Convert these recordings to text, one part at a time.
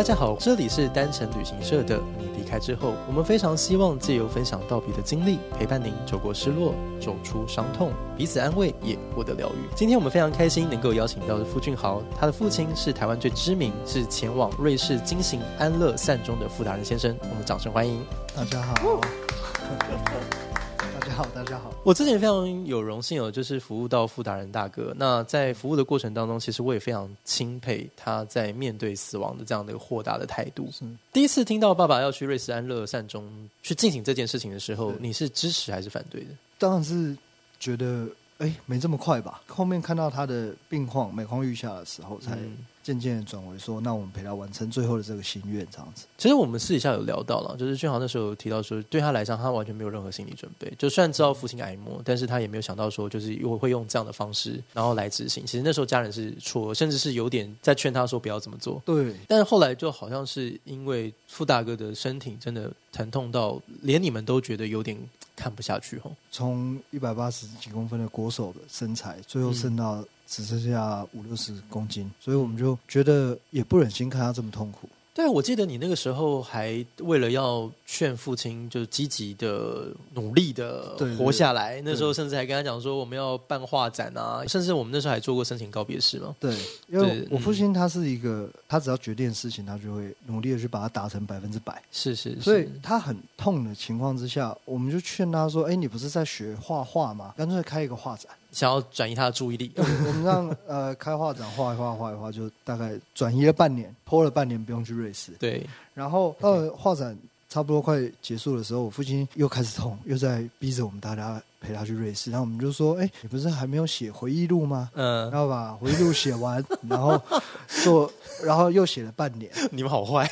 大家好，這裡是單程旅行社的。你離開之後，我們非常希望借由分享道別的經歷，陪伴您走過失落，走出傷痛，彼此安慰也獲得療癒。今天我們非常開心能夠邀請到的傅俊豪，他的父親是台灣最知名，是前往瑞士進行安樂善終的傅達仁先生。我們掌聲歡迎。大家好。哦。 好，大家好。我之前非常有榮幸哦，就是服務到傅達仁大哥。那在服務的過程當中，其實我也非常欽佩他在面對死亡的這樣的豁達的態度。是第一次聽到爸爸要去瑞士安樂善終，去進行這件事情的時候，對你是支持還是反對的？當然是覺得、欸、沒這麼快吧。後面看到他的病況每況愈下的時候，才。嗯漸漸轉為說，那我們陪他完成最後的這個心願，這樣子。其實我們私底下有聊到了，就是俊豪那時候有提到說，對他來講，他完全沒有任何心理準備。就算知道父親癌魔，但是他也沒有想到說，就是會會用這樣的方式然後來執行。其實那時候家人是錯，甚至是有點在勸他說不要這麼做。對。但是後來就好像是因為傅大哥的身體真的疼痛到，連你們都覺得有點看不下去吼。從一百八十幾公分的國手的身材，最後剩到、嗯。只剩下五六十公斤，所以我們就覺得也不忍心看他這麼痛苦。對，我記得你那個時候還為了要勸父親，就積極的努力的活下來。那時候甚至還跟他講說，我們要辦畫展啊，甚至我們那時候還做過生前告別式嘛。對，因為我父親他是一個，他只要決定的事情，他就會努力的去把它達成百分之百。是是是，所以他很痛的情況之下，我們就勸他說：“哎，你不是在學畫畫嗎？乾脆開一個畫展。”想要轉移他的注意力， 我們讓呃開畫展，畫一畫，畫一畫，就大概轉移了半年，拖了半年不用去瑞士。對，然後到了畫展差不多快結束的時候，我父親又開始痛，又在逼着我們大家陪他去瑞士。然後我們就說，哎、欸，你不是還沒有寫回憶錄嗎？嗯，然後把回憶錄寫完，然後做，然後又寫了半年。你們好壞。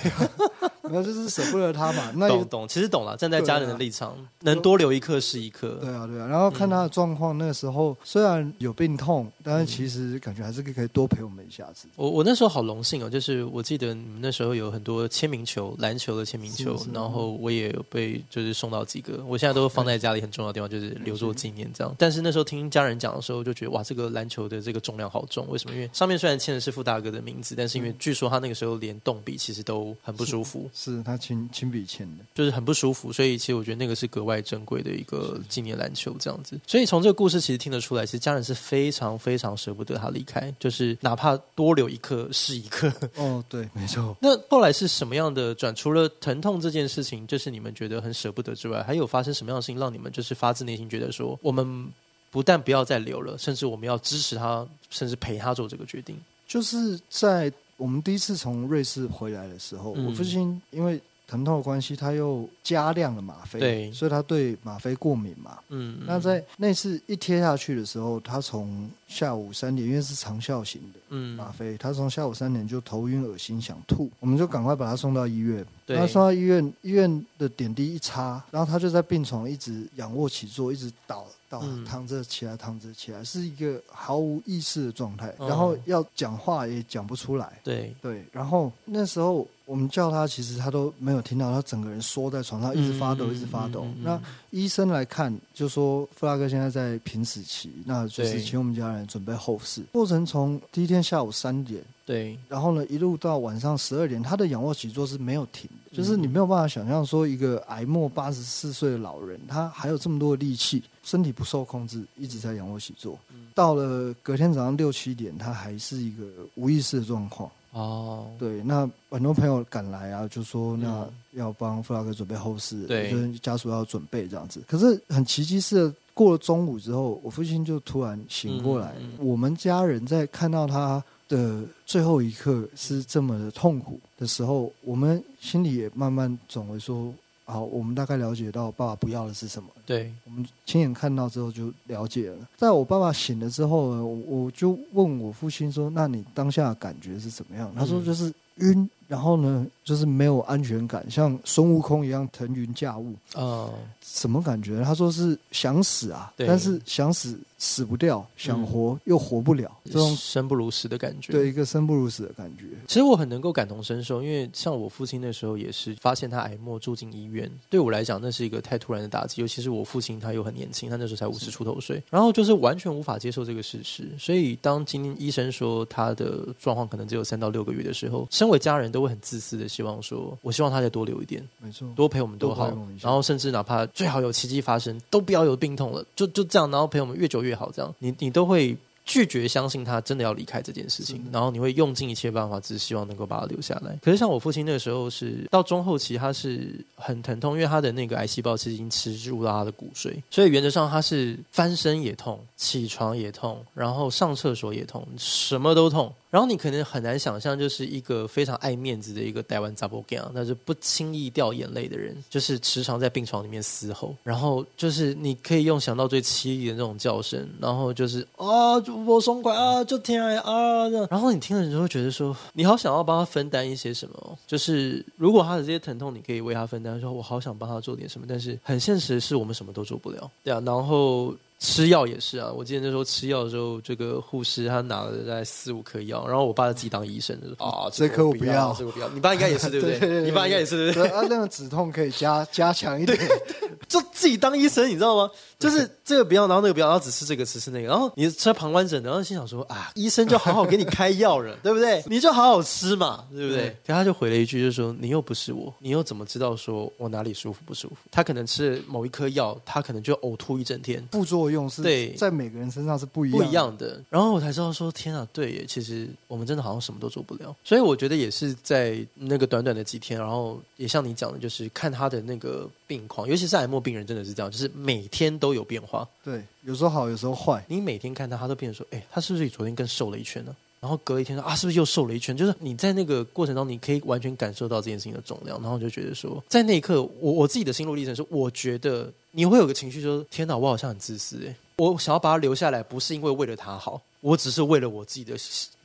那 就是捨不得他嘛，那、就是、懂懂，其實懂啦。站在家人的立場，啊、能多留一刻是一刻。對啊對啊，然後看他的狀況，那個時候、嗯、雖然有病痛，但是其實感覺還是可以多陪我們一下子。我我那時候好榮幸哦，就是我記得你們那時候有很多簽名球，籃球的簽名球，是是然後我也有被就是送到幾個，我現在都放在家裡很重要的地方，就是留作紀念這樣。嗯嗯嗯、但是那時候聽家人講的時候，就覺得哇，這個籃球的這個重量好重，為什麼？因為上面雖然簽的是傅大哥的名字，但是因為據說他那個時候連動筆其實都很不舒服。嗯是他親親筆簽的，就是很不舒服，所以其實我覺得那個是格外珍貴的一個紀念籃球這樣子。所以從這個故事其實聽得出來，其實家人是非常非常捨不得他離開，就是哪怕多留一刻是一刻。哦，對，沒錯。那後來是什麼樣的轉？除了疼痛這件事情，就是你們覺得很捨不得之外，還有發生什麼樣的事情讓你們就是發自內心覺得說，我們不但不要再留了，甚至我們要支持他，甚至陪他做這個決定？就是在。我們第一次從瑞士回來的時候，嗯、我父親因為疼痛的關係，他又加量了嗎啡，對所以他對嗎啡過敏嘛。嗯，嗯，那在那次一貼下去的時候，他從下午三點，因為是長效型的嗎啡，嗯，他從下午三點就頭暈、噁心、想吐，我們就趕快把他送到醫院。他送到醫院，醫院的點滴一插，然後他就在病床一直仰臥起坐，一直倒倒躺着起來，躺着起來，是一個毫無意識的狀態，然後要講話也講不出來。哦、對對，然後那時候我們叫他，其實他都沒有聽到，他整個人縮在床上，一直發抖，嗯、一直發抖。嗯嗯、那醫生來看，就說傅大哥現在在瀕死期，那就是請我們家人準備後事。對過程從第一天下午三點。對，然後呢，一路到晚上十二點，他的仰臥起坐是沒有停的，嗯、就是你沒有辦法想象說一個癌末八十四歲的老人，他還有這麼多的力氣，身體不受控制，一直在仰臥起坐。嗯、到了隔天早上六七點，他還是一個無意識的狀況。哦，對，那很多朋友趕來啊，就說那要幫弗拉克準備後事，對、嗯，家屬要準備這樣子。對可是很奇蹟是，過了中午之後，我父親就突然醒過來。嗯、我們家人在看到他的最後一刻是這麼的痛苦的時候，我們心裡也慢慢轉為說：“好，我們大概了解到爸爸不要的是什麼。對”對，我們親眼看到之後就了解了。在我爸爸醒了之後，我就問我父親說：“那你當下感覺是怎麼樣？”嗯、他說：“就是。”暈，然後呢，就是沒有安全感，像孫悟空一樣騰雲駕霧啊，嗯、什麼感覺？他說是想死啊，對但是想死死不掉，想活，嗯、又活不了，這種生不如死的感覺。對一個生不如死的感覺。其實我很能夠感同身受，因為像我父親那時候也是發現他癌末住進醫院，對我來講那是一個太突然的打擊，尤其是我父親他又很年輕，他那時候才五十出頭歲，然後就是完全無法接受這個事實，所以當今天醫生說他的狀況可能只有三到六個月的時候，生。因為家人都會很自私的，希望說：“我希望他再多留一點，沒錯，多陪我們多好。多”然後甚至哪怕最好有奇蹟發生，都不要有病痛了，就就這樣，然後陪我們越久越好。這樣，你你都會拒絕相信他真的要離開這件事情，真的。然後你會用盡一切辦法，只希望能夠把他留下來。嗯、可是像我父親那個時候是，是到中後期，他是很疼痛，因為他的那個癌細胞其實已經吃入到他的骨髓，所以原則上他是翻身也痛，起床也痛，然後上廁所也痛，什麼都痛。然後你可能很難想象，就是一個非常愛面子的一個台灣查甫囝，但是不輕易掉眼淚的人，就是時常在病床裡面嘶吼。然後就是你可以用想到最淒厲的那種叫聲，然後就是啊，我松拐啊，就疼啊，然後你聽了你就會覺得說，你好想要幫他分擔一些什麼，就是如果他的這些疼痛你可以為他分擔，說，我好想幫他做點什麼。但是很現實的是，我們什麼都做不了，對啊，然後。吃藥也是啊，我記得那時候吃藥的時候，這個護士他拿了大概四五顆藥，然後我爸就自己當醫生的啊，這顆、個、我不要，這我不要，不要 你爸應該也是對不對？ 對對對對你爸應該也是對不對，他那個止痛可以加加強一點， 對 就自己當醫生，你知道嗎？就是這個不要，然後那個不要，然後只吃這個，只吃，吃那個。然後你吃了旁觀者，然後心想說：“啊，醫生就好好給你開藥了， 對不對？你就好好吃嘛，對不對？”然後他就回了一句，就是說：“你又不是我，你又怎麼知道說我哪裡舒服不舒服？他可能吃了某一顆藥，他可能就嘔吐一整天。副作用是對在每個人身上是不一樣不一樣的。”然後我才知道說：“天啊，對耶，其實我們真的好像什麼都做不了。”所以我覺得也是在那個短短的幾天，然後也像你講的，就是看他的那個病況，尤其是癌末病人，真的是這樣，就是每天都。都有變化，對，有時候好，有時候壞。你每天看他，他都變得說：“哎，他是不是比昨天更瘦了一圈呢？”然後隔一天說：“啊，是不是又瘦了一圈？”就是你在那個過程中，你可以完全感受到這件事情的重量。然後就覺得說，在那一刻，我我自己的心路歷程是：我覺得你會有個情緒，說：“天哪，我好像很自私欸，我想要把他留下來，不是因為為了他好，我只是為了我自己的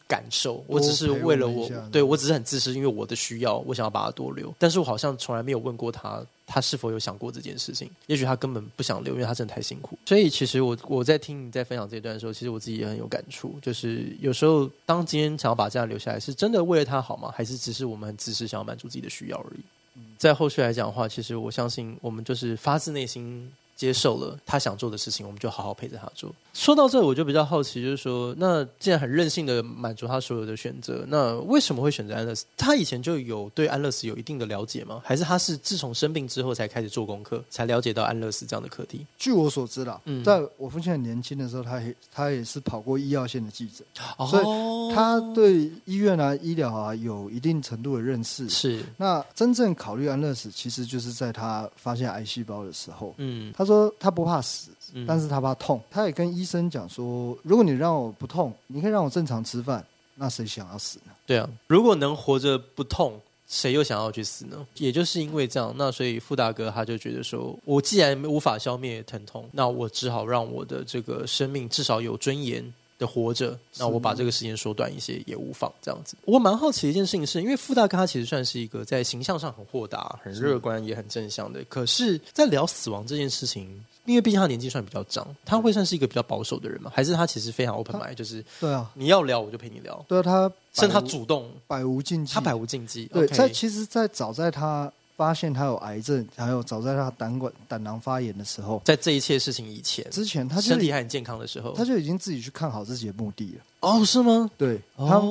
感受，我只是為了我，對，我只是很自私，因為我的需要，我想要把他多留，但是我好像從來沒有問過他。”他是否有想過這件事情？也許他根本不想留，因為他真的太辛苦。所以其實我我在聽你在分享這一段的時候，其實我自己也很有感觸。就是有時候當今天想要把這樣留下來，是真的為了他好嗎？還是只是我們很自私，想要滿足自己的需要而已？在、嗯、後續來講的話，其實我相信我們就是發自內心接受了他想做的事情，我們就好好陪着他做。說到這，我就比較好奇，就是說，那既然很任性的滿足他所有的選擇，那為什麼會選擇安樂死？他以前就有對安樂死有一定的了解嗎？還是他是自從生病之後才開始做功課，才了解到安樂死這樣的課題？據我所知啦，嗯、在我父親很年輕的時候，他也他也是跑過醫藥線的記者，哦、所以他對醫院啊、醫療啊有一定程度的認識。是。那真正考慮安樂死，其實就是在他發現癌細胞的時候。嗯，他說他不怕死。但是他怕痛，他也跟醫生講說：“如果你讓我不痛，你可以讓我正常吃飯，那誰想要死呢？”嗯、對啊，如果能活着不痛，誰又想要去死呢？也就是因為這樣，那所以傅大哥他就覺得說：“我既然無法消滅疼痛，那我只好讓我的這個生命至少有尊嚴。”的活着，那我把這個時間縮短一些嗎也無妨，這樣子。我蠻好奇的一件事情是，是因為傅大哥他其實算是一個在形象上很豁達、很樂觀、是也很正向的，可是，在聊死亡這件事情，因為畢竟他年紀算比較長，他會算是一個比較保守的人嗎？還是他其實非常 open mind？他就是對啊，你要聊我就陪你聊。對啊，他甚至他主動百無禁忌，他百無禁忌。對，OK 他其實，在早在他。發現他有癌症，還有早在他膽管膽囊發炎的時候，在這一切事情以前，之前他就身體還很健康的時候，他就已經自己去看好自己的墓地了。哦，oh, 是嗎？對，他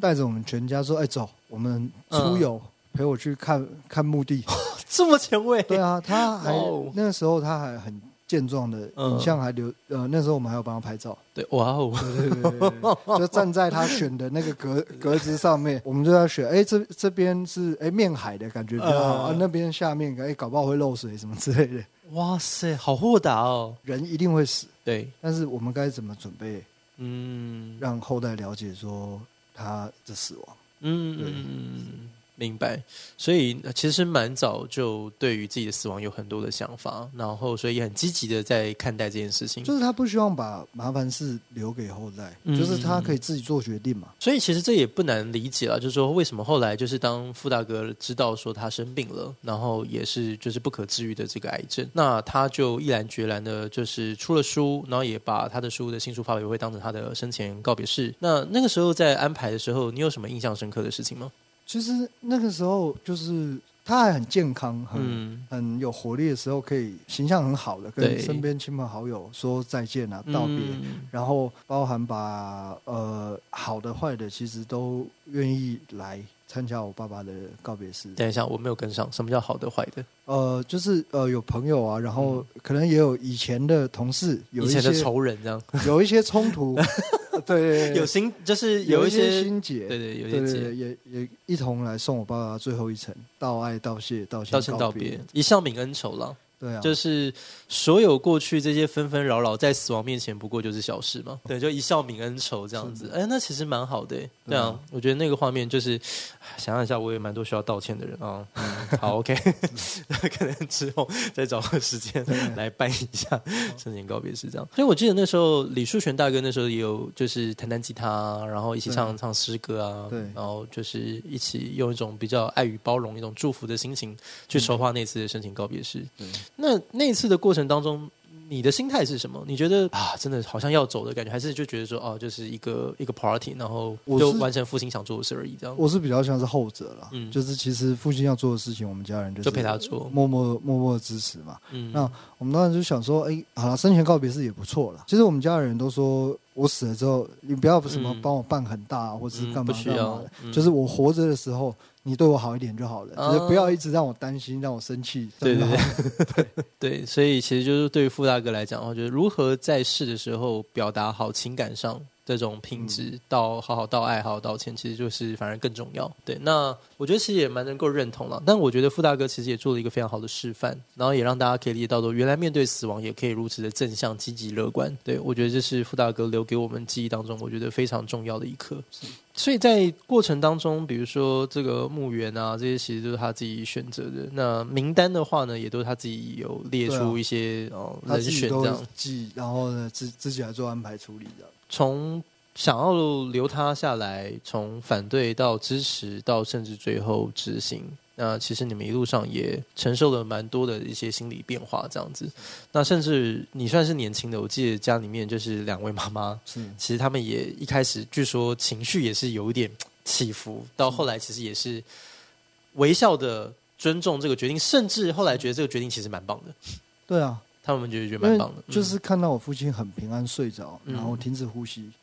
帶着我們全家說：“哎、oh. 欸，走，我們出遊，uh. 陪我去看看墓地， 這麼前衛。”對啊，他還、oh. 那個時候他還很。現狀的影像還留，呃，那時候我們還有幫他拍照。對，哇哦，就站在他選的那個格格子上面，我們就在選。哎，這這邊是哎面海的感覺比較好，那邊下面哎搞不好會漏水什麼之類的。哇塞，好豁達哦，人一定會死。對，但是我們該怎麼準備？嗯，讓後代了解說他的死亡。嗯。明白，所以其實蠻早就對於自己的死亡有很多的想法，然後所以也很積極的在看待這件事情。就是他不希望把麻煩事留給後代，嗯、就是他可以自己做決定嘛。所以其實這也不難理解了，就是說為什麼後來就是當傅大哥知道說他生病了，然後也是就是不可治癒的這個癌症，那他就毅然決然的，就是出了書，然後也把他的書的新書發表會當成他的生前告別式。那那個時候在安排的時候，你有什麼印象深刻的事情嗎？其實那個時候，就是他還很健康，很很有活力的時候，可以形象很好的跟身邊親朋好友說再見啊，嗯嗯道別，然後包含把呃好的、壞的，其實都願意來參加我爸爸的告別式。等一下，我沒有跟上，什麼叫好的、壞的？呃，就是呃有朋友啊，然後可能也有以前的同事，有一些以前的仇人這樣，有一些衝突。 對， 有心就是有一，有一些心結，對對，有一些結對對對，也也一同來送我爸爸最後一程，道愛、道謝、道歉、道別，一笑泯恩仇了。對啊，就是所有過去這些紛紛擾擾，在死亡面前不過就是小事嘛。對，就一笑泯恩仇這樣子。哎，那其實蠻好的。對啊，我覺得那個畫面就是，想想一下，我也蠻多需要道歉的人啊。好，OK，那可能之後再找個時間來辦一下深情告別式。這樣。所以，我記得那時候李樹璇大哥那時候也有就是彈彈吉他，然後一起唱唱詩歌啊。對。然後就是一起用一種比較愛與包容、一種祝福的心情去籌劃那次的深情告別式。那那一次的過程當中，你的心態是什麼？你覺得啊，真的好像要走的感覺，還是就覺得說，哦、啊，就是一個一個 party，然後就完成父親想做的事而已。這樣我，我是比較像是後者了，嗯、就是其實父親要做的事情，我們家人就是、就陪他做，默默默默的支持嘛。嗯，那我們當然就想說，哎、欸，好啦，生前告別式也不錯了。其實我們家的人都說我死了之後，你不要什麼幫我辦很大，嗯、或者是幹嘛，幹嘛不需要，就是我活着的時候。嗯你對我好一點就好了，就是、啊、不要一直讓我擔心，讓我生氣，對對對， 對、對，所以其實就是對於傅大哥來講，我覺得如何在世的時候表達好情感上。這種品質到好好道愛好好道歉，其實就是反而更重要。對，那我覺得其實也蠻能夠認同了。但我覺得傅大哥其實也做了一個非常好的示範，然後也讓大家可以理解到，原來面對死亡也可以如此的正向、積極、樂觀。對，我覺得這是傅大哥留給我們記憶當中，我覺得非常重要的一刻。所以在過程當中，比如說這個墓園啊，這些其實都是他自己選擇的。那名單的話呢，也都是他自己有列出一些哦人選這樣記、啊，然後呢自自己來做安排處理的。從想要留他下來，從反對到支持，到甚至最後執行，那其實你們一路上也承受了蠻多的一些心理變化，這樣子。那甚至你算是年輕的，我記得家裡面就是兩位媽媽，是其實他們也一開始據說情緒也是有一點起伏，到後來其實也是微笑的尊重這個決定，甚至後來覺得這個決定其實蠻棒的。對啊。他們覺得覺得蠻棒的，就是看到我父親很平安睡着，嗯、然後停止呼吸，嗯、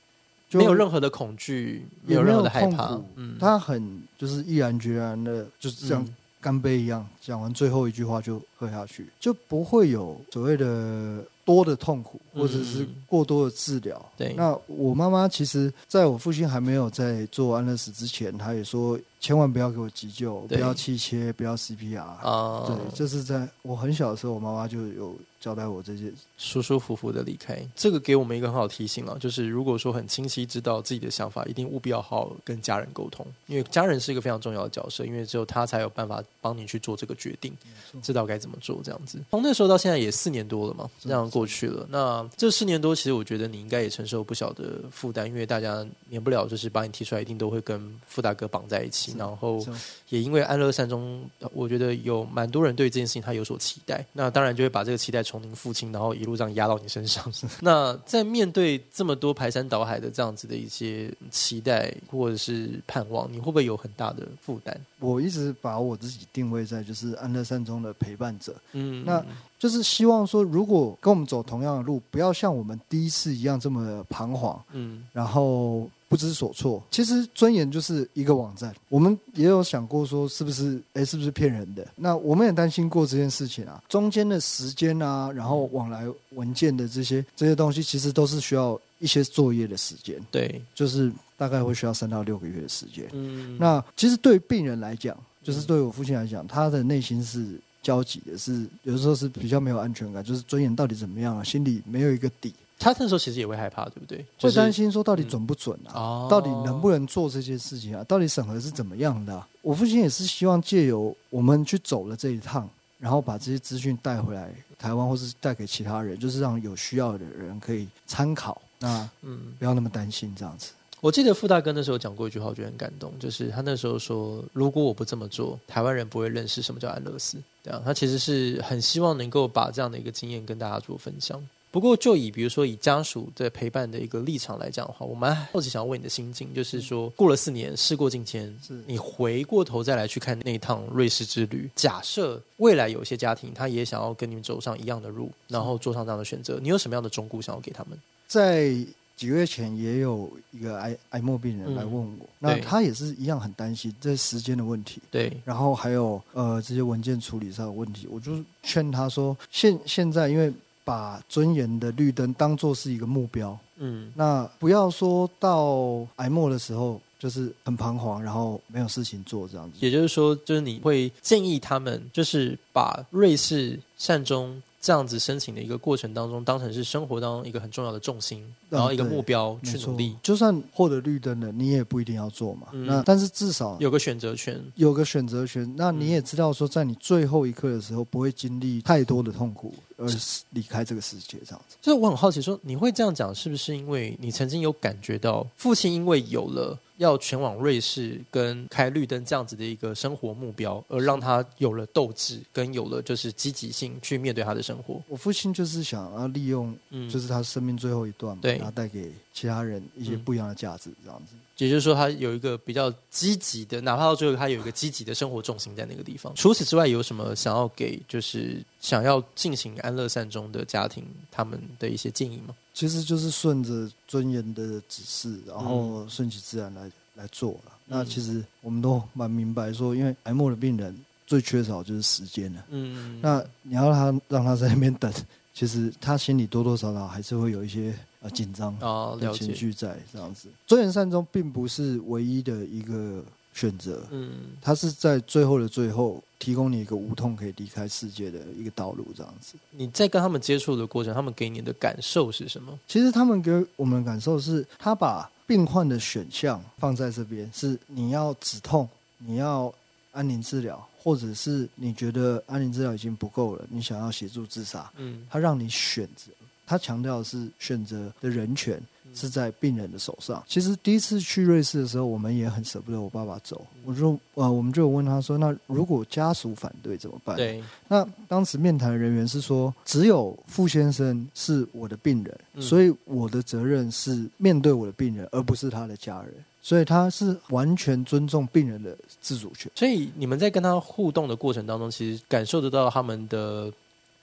就沒有任何的恐懼，沒有，沒有任何的害怕，怖嗯、他很就是毅然決然的，就是像乾杯一樣，講、嗯、完最後一句話就喝下去，就不會有所謂的。多的痛苦，或者是過多的治療、嗯。對，那我媽媽其實，在我父親還沒有在做安樂死之前，他也說千萬不要給我急救，對不要氣切，不要 CPR 啊。嗯、對，就是在我很小的時候，我媽媽就有交代我這些，舒舒服服的離開。這個給我們一個很好的提醒了，就是如果說很清晰知道自己的想法，一定務必要好好跟家人溝通，因為家人是一個非常重要的角色，因為只有他才有辦法幫你去做這個決定，錯知道該怎麼做。這樣子，從那時候到現在也四年多了嘛，這樣是。過去了。那這四年多，其實我覺得你應該也承受不小的負擔，因為大家免不了就是把你提出來，一定都會跟傅大哥綁在一起。是然後也因為安樂善終，我覺得有蠻多人對這件事情他有所期待。那當然就會把這個期待從您父親，然後一路上壓到你身上。 那在面對這麼多排山倒海的這樣子的一些期待或者是盼望，你會不會有很大的負擔？我一直把我自己定位在就是安樂善終的陪伴者。嗯，那。就是希望說，如果跟我們走同樣的路，不要像我們第一次一樣這麼彷徨，嗯，然後不知所措。其實尊嚴就是一個網站，我們也有想過說，是不是？哎，是不是騙人的？那我們也擔心過這件事情啊。中間的時間啊，然後往來文件的這些這些東西，其實都是需要一些作業的時間。對，就是大概會需要三到六個月的時間。嗯，那其實對於病人來講，就是對於我父親來講，嗯，他的內心是。消極也是，有時候是比較沒有安全感，就是尊嚴到底怎麼樣啊？心裡沒有一個底。他那時候其實也會害怕，對不對？就是，會擔心說到底准不准啊？嗯哦，到底能不能做這些事情啊？到底審核是怎麼樣的啊？我父親也是希望借由我們去走了這一趟，然後把這些資訊帶回來台灣，或是帶給其他人，就是讓有需要的人可以參考。那，啊，嗯，不要那麼擔心這樣子。我記得傅大哥那時候講過一句話，我覺得很感動，就是他那時候說：“如果我不這麼做，台灣人不會認識什麼叫安樂死。”這樣，他其實是很希望能夠把這樣的一個經驗跟大家做分享。不過，就以比如說以家屬在陪伴的一個立場來講的話，我們好奇想問你的心境，就是說，過了四年，事過境遷，是你回過頭再來去看那一趟瑞士之旅，假設未來有些家庭他也想要跟你們走上一樣的路，是然後做上這樣的選擇，你有什麼樣的忠告想要給他們？在幾個月前也有一個癌癌末病人來問我，嗯、那他也是一樣很擔心這時間的問題，對，然後還有呃這些文件處理上的問題，我就勸他說，現現在因為把尊嚴的綠燈當做是一個目標，嗯，那不要說到癌末的時候就是很彷徨，然後沒有事情做這樣子，也就是說，就是你會建議他們就是把瑞士善終。這樣子申請的一個過程當中，當成是生活當中一個很重要的重心，啊、然後一個目標去努力。就算獲得綠燈了，你也不一定要做嘛。嗯、那但是至少有個選擇權，有個選擇權。那你也知道說，在你最後一刻的時候，嗯、不會經歷太多的痛苦而是離開這個世界，這樣子。所以我很好奇說，說你會這樣講，是不是因為你曾經有感覺到父親因為有了。要前往瑞士跟開綠燈這樣子的一個生活目標，而讓他有了鬥志，跟有了就是積極性去面對他的生活。我父親就是想要利用，就是他生命最後一段嘛，嗯、對，然後帶給其他人一些不一樣的價值，嗯、這樣子。也就是說，他有一個比較積極的，哪怕到最後他有一個積極的生活重心在那個地方。 除此之外，有什麼想要給就是想要進行安樂善終的家庭他們的一些建議嗎？其實就是順着尊嚴的指示，然後順其自然來來做了。嗯、那其實我們都蠻明白，說因為癌末的病人最缺少就是時間了。嗯，那你要讓他讓他在那邊等，其實他心裡多多少少還是會有一些呃緊張啊，情緒、哦、在這樣子。尊嚴善終並不是唯一的一個選擇，嗯，他是在最後的最後提供你一個無痛可以離開世界的一個道路，這樣子。你在跟他們接觸的過程，他們給你的感受是什麼？其實他們給我們的感受是，他把病患的選項放在這邊，是你要止痛，你要安寧治療，或者是你覺得安寧治療已經不夠了，你想要協助自殺，嗯，他讓你選擇，他強調的是選擇的人權。是在病人的手上。其實第一次去瑞士的時候，我們也很捨不得我爸爸走。我說，呃，我們就問他說，那如果家屬反對怎麼辦？對。那當時面談的人員是說，只有傅先生是我的病人，嗯。所以我的責任是面對我的病人，而不是他的家人。所以他是完全尊重病人的自主權。所以你們在跟他互動的過程當中，其實感受得到他們的。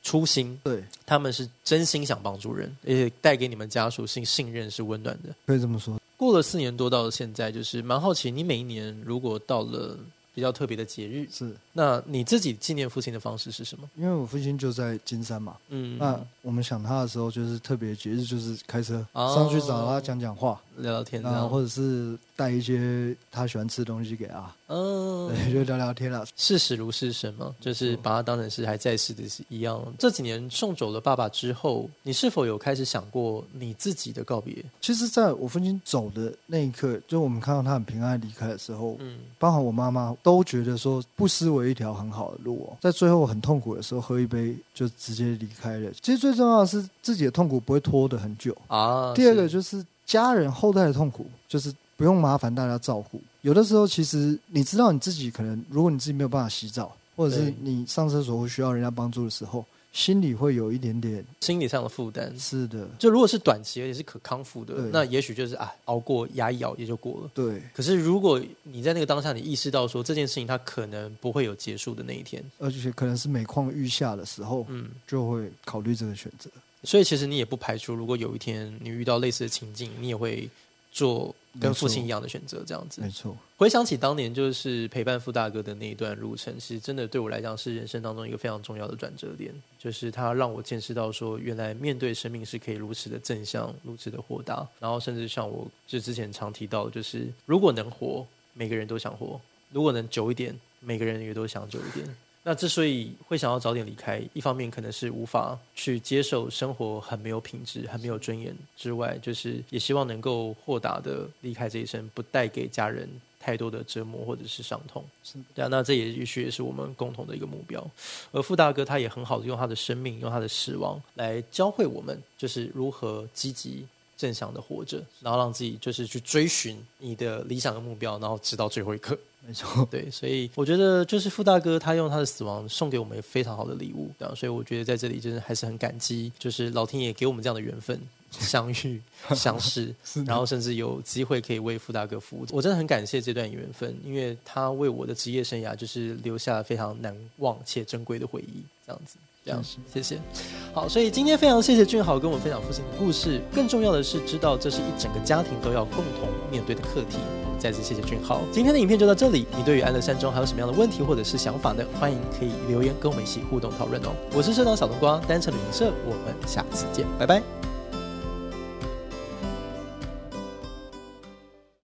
初心，對，他們是真心想幫助人，而且帶給你們家屬信信任、是溫暖的，可以這麼說。過了四年多，到了現在，就是蠻好奇，你每一年如果到了比較特別的節日，是，那你自己紀念父親的方式是什麼？因為我父親就在金山嘛，嗯，那我們想他的時候，就是特別節日，就是開車、嗯、上去找他講講話，聊聊天，然後或者是。帶一些他喜歡吃的東西給他。嗯，就聊聊天了。事死如事生嘛，就是把他當成是還在世的是一樣。這幾年送走了爸爸之後，你是否有開始想過你自己的告別？其實，在我父親走的那一刻，就我們看到他很平安離開的時候，嗯，包括我媽媽都覺得說不失為一條很好的路哦。在最後很痛苦的時候喝一杯就直接離開了。其實最重要的是自己的痛苦不會拖得很久啊。第二個就是家人後代的痛苦，就是。不用麻煩大家照顧。有的時候，其實你知道你自己可能，如果你自己沒有辦法洗澡，或者是你上廁所會需要人家幫助的時候，心裡會有一點點心理上的負擔。是的，就如果是短期而且是可康復的，對那也許就是啊，熬過牙一咬也就過了。對。可是如果你在那個當下，你意識到說這件事情它可能不會有結束的那一天，而且可能是每況愈下的時候，嗯，就會考慮這個選擇，嗯。所以，其實你也不排除，如果有一天你遇到類似的情境，你也會做。跟父親一樣的選擇，沒錯，這樣子。沒錯，回想起當年，就是陪伴傅大哥的那一段路程，其實真的對我來講是人生當中一個非常重要的轉折點。就是他讓我見識到說，說原來面對生命是可以如此的正向，如此的豁達。然後甚至像我，就之前常提到，就是如果能活，每個人都想活；如果能久一點，每個人也都想久一點。那之所以會想要早點離開，一方面可能是無法去接受生活很沒有品質、很沒有尊嚴之外，就是也希望能夠豁達的離開這一生，不帶給家人太多的折磨或者是傷痛。是啊，那這也也許也是我們共同的一個目標。而傅大哥他也很好的用他的生命、用他的死亡來教會我們，就是如何積極。正向的活着，然後讓自己就是去追尋你的理想的目標，然後直到最後一刻。沒錯，對，所以我覺得就是傅大哥他用他的死亡送給我們非常好的禮物，對啊。所以我覺得在這裡就是還是很感激，就是老天爺給我們這樣的緣分，相遇、相識， 呢然後甚至有機會可以為傅大哥服務，我真的很感謝這段緣分，因為他為我的職業生涯就是留下了非常難忘且珍貴的回憶，這樣子。這樣謝謝，好，所以今天非常謝謝俊豪跟我們分享父親的故事，更重要的是知道這是一整個家庭都要共同面對的課題。我們再次謝謝俊豪，今天的影片就到這裡。你對於安樂善終還有什麼樣的問題或者是想法呢？歡迎可以留言跟我們一起互動討論哦。我是社長小冬瓜，單程旅行社，我們下次見，拜拜。